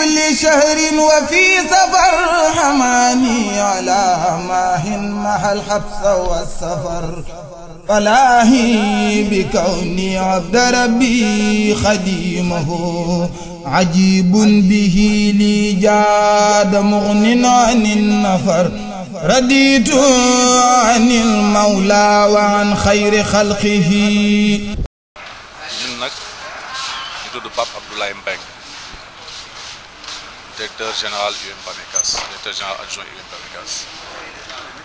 kulli shahrin wa fi safar xamaani ala maahin mahal xabsa wa safar falaahi bi kawni abda rabbi xadimahu ajibun bihi li jaada mugnin anin nafar raditu anil mawla wa an xayri xalqihi. ñun nag ñu tudd Pape Abdoulaye Mbengue. directeur général UM Pamecas directeur général adjoint UM Pamecas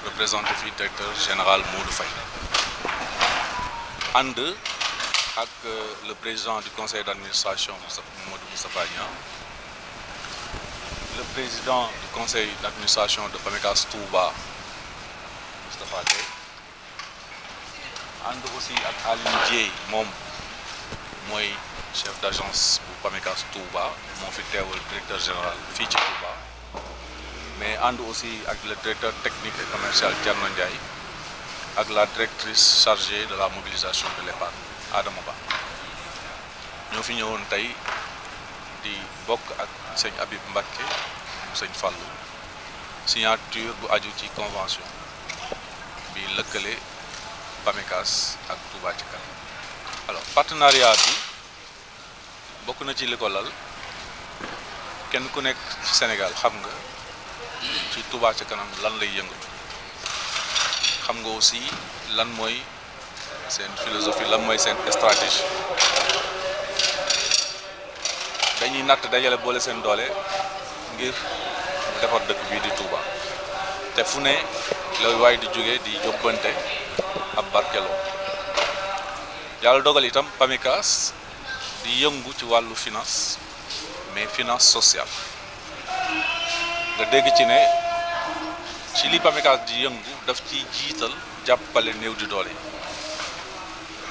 représenté fii directeur général Modou Faye ànd ak euh, le président du conseil d'administration Modou Moustapha le président du conseil de Pamecas Touba Moustapha Gueye ànd aussi ak Aline Dieye moom mooy chef d'agence PAMECAS Touba moo fi teewal directeur général fii ci Touba mais ànd aussi ak le directeur technique et commercial Thierno Ndiaye ak la directrice chargée de la mobilisation de l'épargne Adama Ba ñoo fi ñëwoon tey di bokk ak sëñ Habib Mbacké sëñ Fallou signature bu aju ci convention bi lëkkale PAMECAS ak Touba ci kanam bokk na ci li ko lal kenn ku nekk ci Sénégal xam nga ci Touba ca kanam lan lay yëngatu xam nga aussi lan mooy seen philosophie lan mooy seen stratégie dañuy natt dajale boole seen doole ngir defar dëkk bii di Touba te fu ne lay waay di jóge di jobbante ab barkeloo yàlla dogal itam PAMECAS di yëngu ci wàllu finance mais finance sociale nga dégg ci ne ci li PAMECAS di yëngu daf ci jiital jàppale néew di doole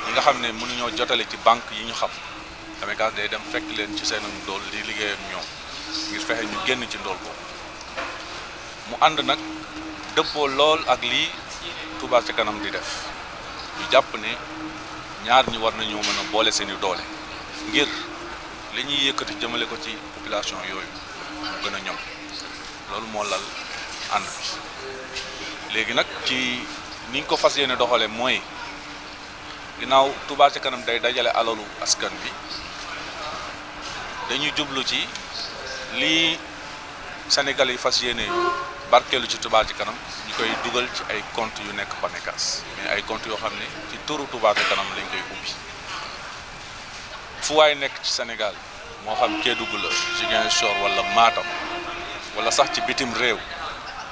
yi nga xam ne mënuñoo jotale ci banque yi ñu xam PAMECAS day dem fekk leen ci seen ndool di liggéeyam ñoom ngir fexe ñu génn ci ndool boobu mu ànd nag dëppoo lool ak lii Touba ca kanam di def ñu jàpp ne ñaar ñi war nañoo mën a boole seeni doole ngir li ñuy yëkkati jëmale ko ci population yooyu mu gën a ñoom loolu moo lal ànd bi léegi nag ci niñ ko fas yéene doxale mooy ginnaaw Touba ca kanam day dajale alalu askan bi dañuy jublu ci lii senegal yi fas yéene barkeelu ci Touba ci kanam ñu koy dugal ci ay compte yu nekk Pamecas mais ay compte yoo xam ne ci turu Touba kanam lañ koy ubbi fu waay nekk ci Sénégal moo xam Kédougou la wala Matam wala sax ci bitim réew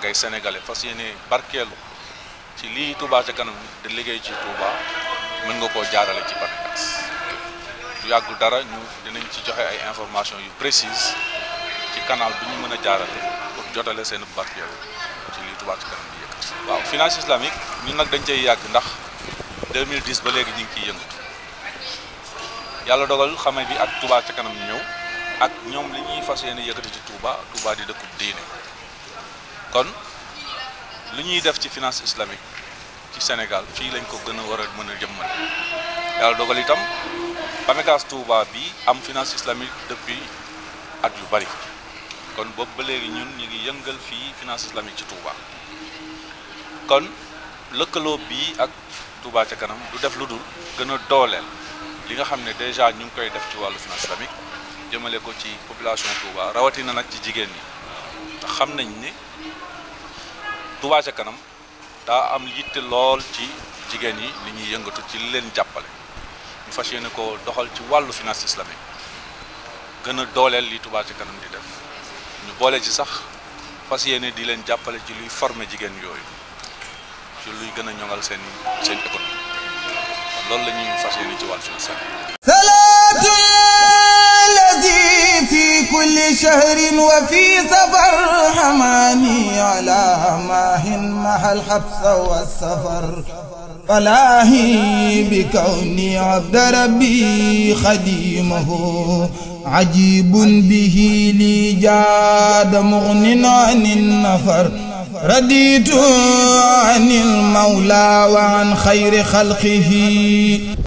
ngay sénégalais fas yéene barkeelu ci lii Touba ca kanam di liggéey ci Touba mën nga koo jaarale ci Barcas du yàggu dara ñu dinañ ci joxe ay information yu précise ci canal bi ñu mën a jaarale pour jotale seen barkeelu ci lii Touba ca kanam bi yëkkati waaw finance islamique ñun nag dañ cay yàgg ndax 2010 ba léegi ñu ngi ciy yëngatu yàlla dogal xame bi ak Touba ca kanam ñëw ak ñoom li ñuy fas yéene yëkkati ci Touba Touba di dëkkub diine kon li ñuy def ci finance islamique ci Sénégal fii lañ ko gën a war a mën a jëmmal yàlla dogal itam PAMECAS Touba bi am finance islamique depuis at yu bari kon boobu ba léegi ñun ñu ngi yëngal fii finance islamique ci Touba kon lëkkaloo bii ak Touba ca kanam du def lu dul gën a dooleel. li nga xam ne déjà ñu ngi koy def ci wàllu finance islamique jëmale ko ci population Touba rawatina nag ci jigéen ñi ndax xam nañ ni Touba ca kanam daa am yitte lool ci jigéen yi li ñuy yëngatu ci li leen jàppale ñu fas yéene ko doxal ci wàllu finance islamique gën a dooleel li Touba ca kanam di def ñu boole ci sax fas yéene di leen jàppale ci luy former jigéen yooyu ci luy gën a ñoŋal seen seen loolu la ñuy fas yéene ci wàllu suñu sax salaatu alladi fi kulli shahrin wa fi safar hamani ala mahin mahal habsa wa safar falaahi bi kawni abda rabbi xadimahu ajibun bihi li jaada mugnin anin nafar raditu anil mawla wa an xayri xalqihi